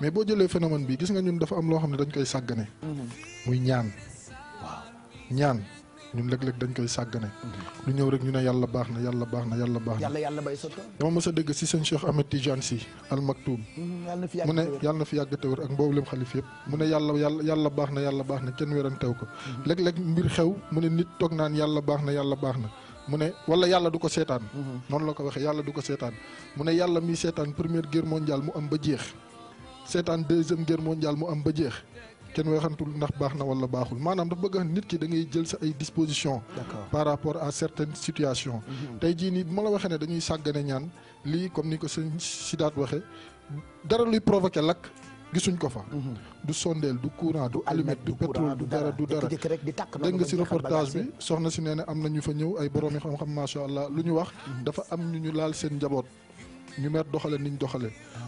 mais bo jëlé phénomène bi gis nga ñun dafa am lo xamné dañ koy saggané mhm. muy ñaan. waaw ñaan ñun léeg-léeg dañ koy saggané mhm. lu ñëw rek ñu né yalla baax na yàlla baax na yalla baax na. yàlla bay sotto dama mësa dégg ci seen Cheikh Ahmed Tidiane si Al Maktoum. Mhm, mu né yalla na fi yàgg te ak mboolem xalif yépp mu né yalla yalla yàlla na yàlla baax na kenn ko. léeg-léeg mbir xew mu né nit tok naan yalla baax na yàlla na. mu ne wala yalla du ko seetaan. noonu la ko waxe yalla du ko seetaan mu ne yalla mi seetaan première guerre mondiale mu am ba jeex seetaan deuxième guerre mondiale mu am ba jeex kenn waxantul ndax baax na wala baaxul maanaam dafa bëgg a nit ki da ngay jël sa ay dispositions. par rapport à certaines situations. Mhm. tey jii nii bu ma la waxee ne dañuy sàggane ñaan lii comme ni ko si daat waxee dara luy provoqué lakk gisuñ ko fa. Mhm. du sondeel du courant du allumette du pétrole du dara du dara dégg nga si reportage bi soxna si nee na am na ñu fa ñëw ay boroomi xam-xam macha allah lu ñu wax. Mhm. dafa am ñu ñu laal seen njaboot ñu mer doxale niñ doxale ah.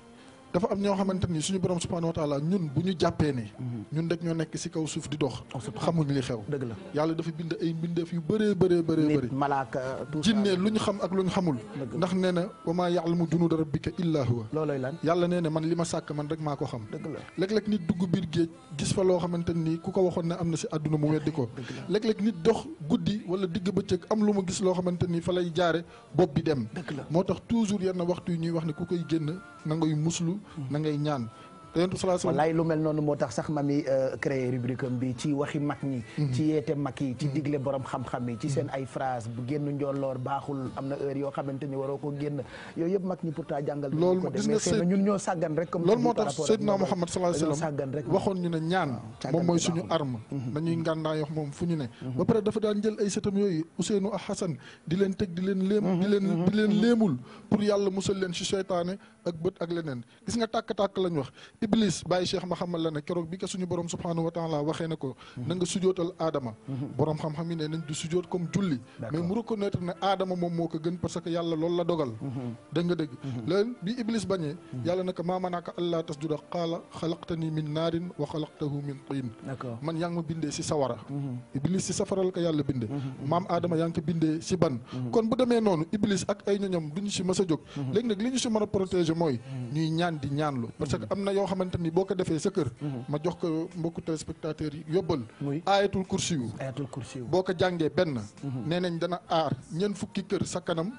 dafa am ñoo xamante ni suñu borom subhanahu wa taala ñun bu ñu jàppee ni mhm. ñun rek ñoo nekk si kaw suuf di dox oh, xamuñ li xew la yàlla dafa bind ay mbindeef yu bëree bëree bëree bëri malaaka jinne lu ñu xam ak lu ñu xamul ndax nee na wa maa ya'lamu junuuda rabbika illaa huwa looloy lan yàlla nee na man li ma sàkk man rek maa ko xam dëgg la léeg-léeg nit dugg biir géej gis fa loo xamante nii ku ko waxoon ne am na si àdduna mu weddi ko léeg-léeg nit dox guddi wala digg bëccëg am lu mu gis loo xamante ni fa lay jaare bopp bi dem moo tax toujours yenn waxtu yi ñuy wax ne ku koy génn na ngay muslu na ngay wallaay lu mel noonu moo tax sax mami euh, créé rubrique am bi ci waxi mag ñi mhm. ci yeete mag yi ci mhm. digle borom xam-xam ci mhm. seen ay phrase bu génn njooloor baaxul am na heure yoo xamante ni waroo ko génn yooyu yëpp mag ñi pourtant jàngal loolu gis nga sëy ñun ñoo sàggan rek comme loolu moo tax Seydina Muhammad sallallahu alayhi wasallam rek waxoon ñaan moom mooy suñu arme nañuy moom fu ñu ne ba pare dafa daan jël ay sëtam yooyu Ousseynou ak Hassan di leen teg di leen léem di leen di leen léemul pour yàlla musal leen ci seytaane ak bët ak leneen gis nga tàkk-tàkk lañ wax Iblis bàyyi Cheikh ma xamal keroog bi ko suñu borom subhanahu wa ne ko mhm. na nga sujootal aadama mhm. xam-xam yi ne nañ du comme julli mais mu reconnaître ne aadama moom moo ko gën parce que yàlla loolu la dogal mhm. dégg nga leen bi Iblis bañee yàlla ne ko maa manaaka allaa tasjuda qaala xalaqtani min naarin wa xalaqtahu min tiin man yaa ma bindee si sawara Iblis si safara ko yàlla bindee maam aadama yaa ko bindee si ban kon a a xamante ni boo ko defee sa kër ma jox ko mbokku téléspectateurs yi yóbbal aayatul kursi yu boo ko jàngee benn mhm. nee nañ dana aar ñeent fukki kër sa kanam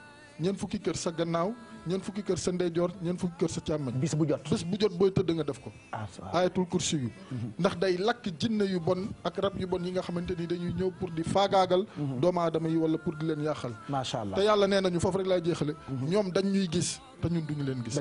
ñeent fukki kër sa gannaaw ñeent fukki kër sa ndeyjoor ñeent fukki kër sa càmmoñ bis bu jot bis bu jot booy tëdd nga def ko aayatul ah, kursi yu mhm. ndax day lakk jinne yu bon ak rab yu bon yi nga xamante ni dañuy ñëw pour di faagaagal mhm. doomu aadama yi wala pour di leen yàqal macha allah te yàlla nee nañu foofu rek laay jeexale ñoom dañ ñuy gis te ñun duñu leen gis